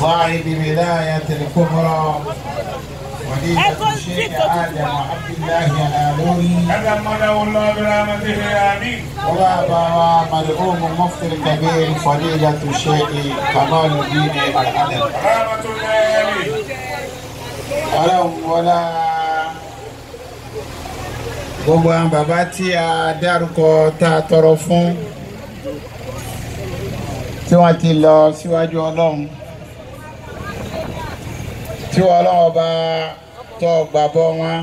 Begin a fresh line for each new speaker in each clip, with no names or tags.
صاحب ولاية الكبرى وليدة الشيخ آدم عبد الله الآلوري أدمده الله برحمته آمين وبابا مرحوم مفتي الكبير فضيلة الشيخ كمال الدين العدل رحمة الله عليه ọlọ́run wọlá gbogbo àwọn bàbá tí a dárúkọ tá a tọrọ fún tí wọ́n ti lọ síwájú ọlọ́run tí wọn lọ́wọ́ bá tọ́ gbà bọ́ wọn.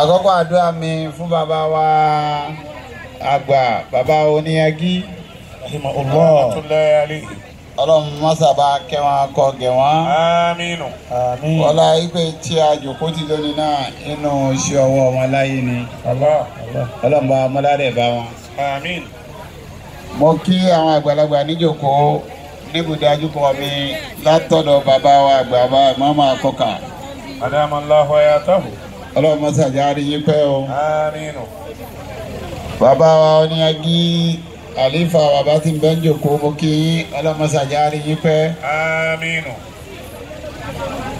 àkọ́kọ́ àdúrà mi fún bàbá wa àgbà bàbá oníyagi ọlọ́run mọ́sàbá kẹwọn kọ gẹ̀wọ́n. aminu. wọlá ipe tí a jòkó ti lónìí náà inú iṣẹ́ ọwọ́ wọn láyé ni. ọlọ́run bá ọmọdé bá wọn. amin. mo kí àwọn àgbàlagbà níjòkó níbùdájú kọ mi látọ̀dọ̀ bàbá wa bàbá màmá àkọ́kà. àdàmà ńláhùn ẹ̀yà táwọn. ọlọ́run mọ́sàájà rí yín pẹ́ o. àmínú. bàbá wa oníyagí àlífà bàbá tí ń bẹ́ ń jòkó mo kí yín ọlọ́run mọ́sàájà rí yín pẹ́. àmínú.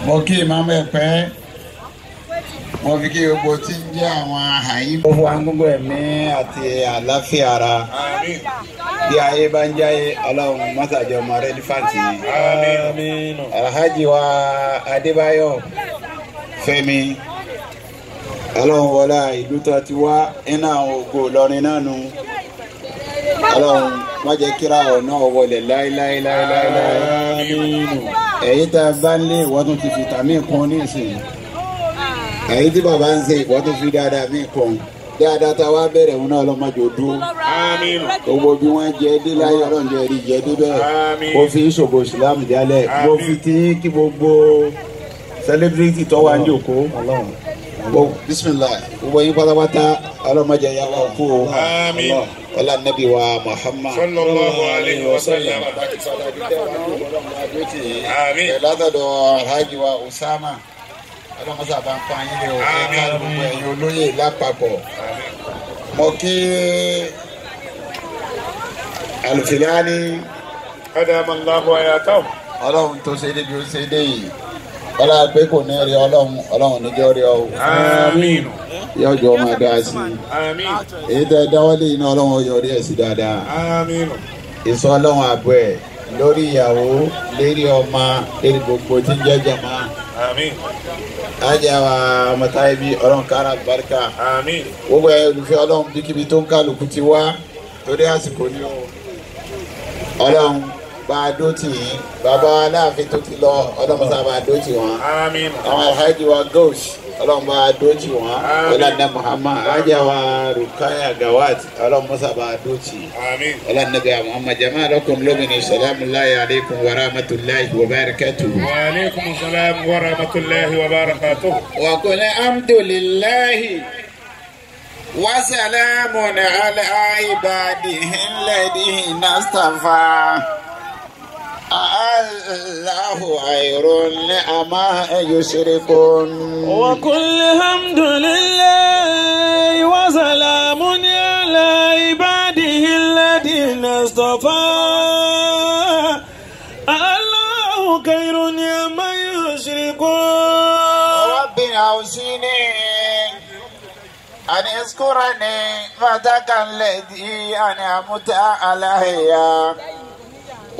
mo kí ìmáàmù ẹ̀ pẹ́
wọ́n fi kí gbogbo
tí ń jẹ́ àwọn àhàyí. ó fún ẹ̀mí àti àlàáfíà ara bí ayé bá ń jáyé ọlọ́run mọ́tàjọ́ ọmọ rẹ̀ nífàǹtì. alhaji wa adébáyọ̀ fẹ́mi ọlọ́run wọlá ìlú tó ti wá iná ògo ìlọrin náà nu ọlọ́run má kíra ọ̀nà ọ̀wọlé láéláéláéláé ẹ̀yìn tá a bá ń lé ìwọ́dún ti fi tàmí kan ní ìsìn èyí tí bàbá ń ṣe ìwọ́n tó fi dáadáa mí kàn dáadáa tá a wá bẹ̀rẹ̀ wọn náà lọ́mọdé dúró gbogbo bí wọ́n jẹ́ dé láyé ọlọ́run jẹ́ rí jẹ́ dé bẹ́ẹ̀ mo fi ṣògo ìsìlámù jálẹ̀ mo fi tí kí gbogbo celebrity tó wá ń jòkó bisimilayi gbogbo yín pátápátá ọlọ́mọdé yà wá kú o wa Muhammad sallallahu alayhi wa sallam látọ̀dọ̀ hajj wa Usama ọlọ́mọsá bá ń pa yín lé o ká gbogbo ẹ̀yin olóyè lápapọ̀ mo kí Al-Filani. adamallahu ayatahu. ọlọ́run tó ṣe débi ó ṣe dé yìí ọlá pé kò ní rí ọlọ́run ọlọ́run níjọ́ rí ọ. àmín. yóò jọ máa dáa sí i. àmín. èyí tẹ dáwọ́lé iná ọlọ́run yọrí ẹ̀ sí dáadáa. ìsọ ọlọ́run àbọ̀ ẹ̀ lórí ìyàwó lérí ọmọ lérí gbogbo tí ń jẹ́ jàmá. àmín. ajá wa mọ̀táyé bí ọlọ́run kára barika. àmín. gbogbo ẹ̀ olùfẹ́ ọlọ́run bí kíbi tó ń kálukú ti wá torí àsìkò ni o. ọlọ́run bá a dó tì yín bàbá aláàfin tó ti lọ ọlọ́run sábà dó tì wọ́n. àmín. àwọn alhaji wa gauche ọlọ́run bá dóòtì wọn ọlọ́dẹ muhammad ajáwa rukaya gawat ọlọ́run musa bá dóòtì ọlọ́dẹ muhammad jama lọ́kùnrin lómìnir salamu alayhi aleykum wa rahmatulahi wa barakatu. wa aleykum salaam wa rahmatulahi wa barakatu. wa kone amdulilahi wa salaamu ala ibadihi ladhi nastafa. الله خير النعمة يشركون وكل حمد لله وسلام على عباده الذين اصطفى الله خير النعمة يشركون ربنا أوصيني أن أذكر نعمتك أنا أنعمت عليها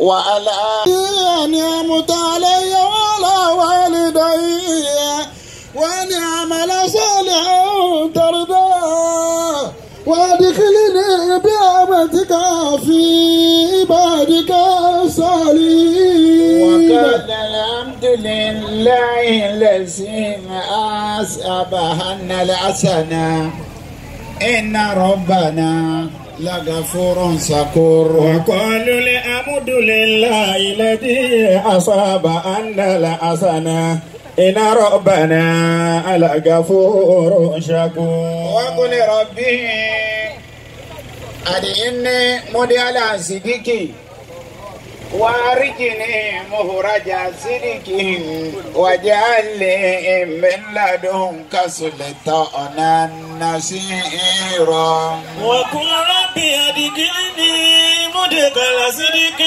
والآن أن علي وعلى والدي وأن أعمل صالحا ترضى وأدخلني برحمتك في عبادك الصالحين الحمد لله الذي أصابهن الحسنة إن ربنا لغفور شكور وقالوا لأمد لله الذي أصاب أن الأسنى إن ربنا لغفور شكور وقل ربي أدعني مدي على صدقي وارجني مهرج صدق واجعل لي من لدنك سلطانا نصيرا وقل ربي ادخلني مدخل صدق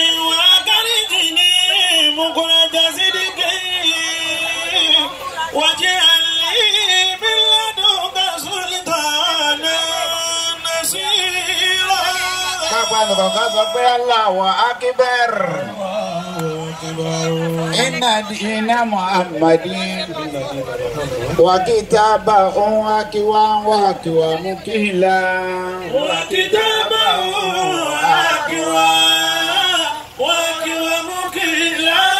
kápánu kọ̀ọ̀kan sọ pé aláwọ̀ akíbẹ̀r. Iná iná Muhammadi wàkìtà bá òun akíwá wàkìwà mú kíhìlá. Wàkìtà bá òun akíwá wàkìwà mú kíhìlá.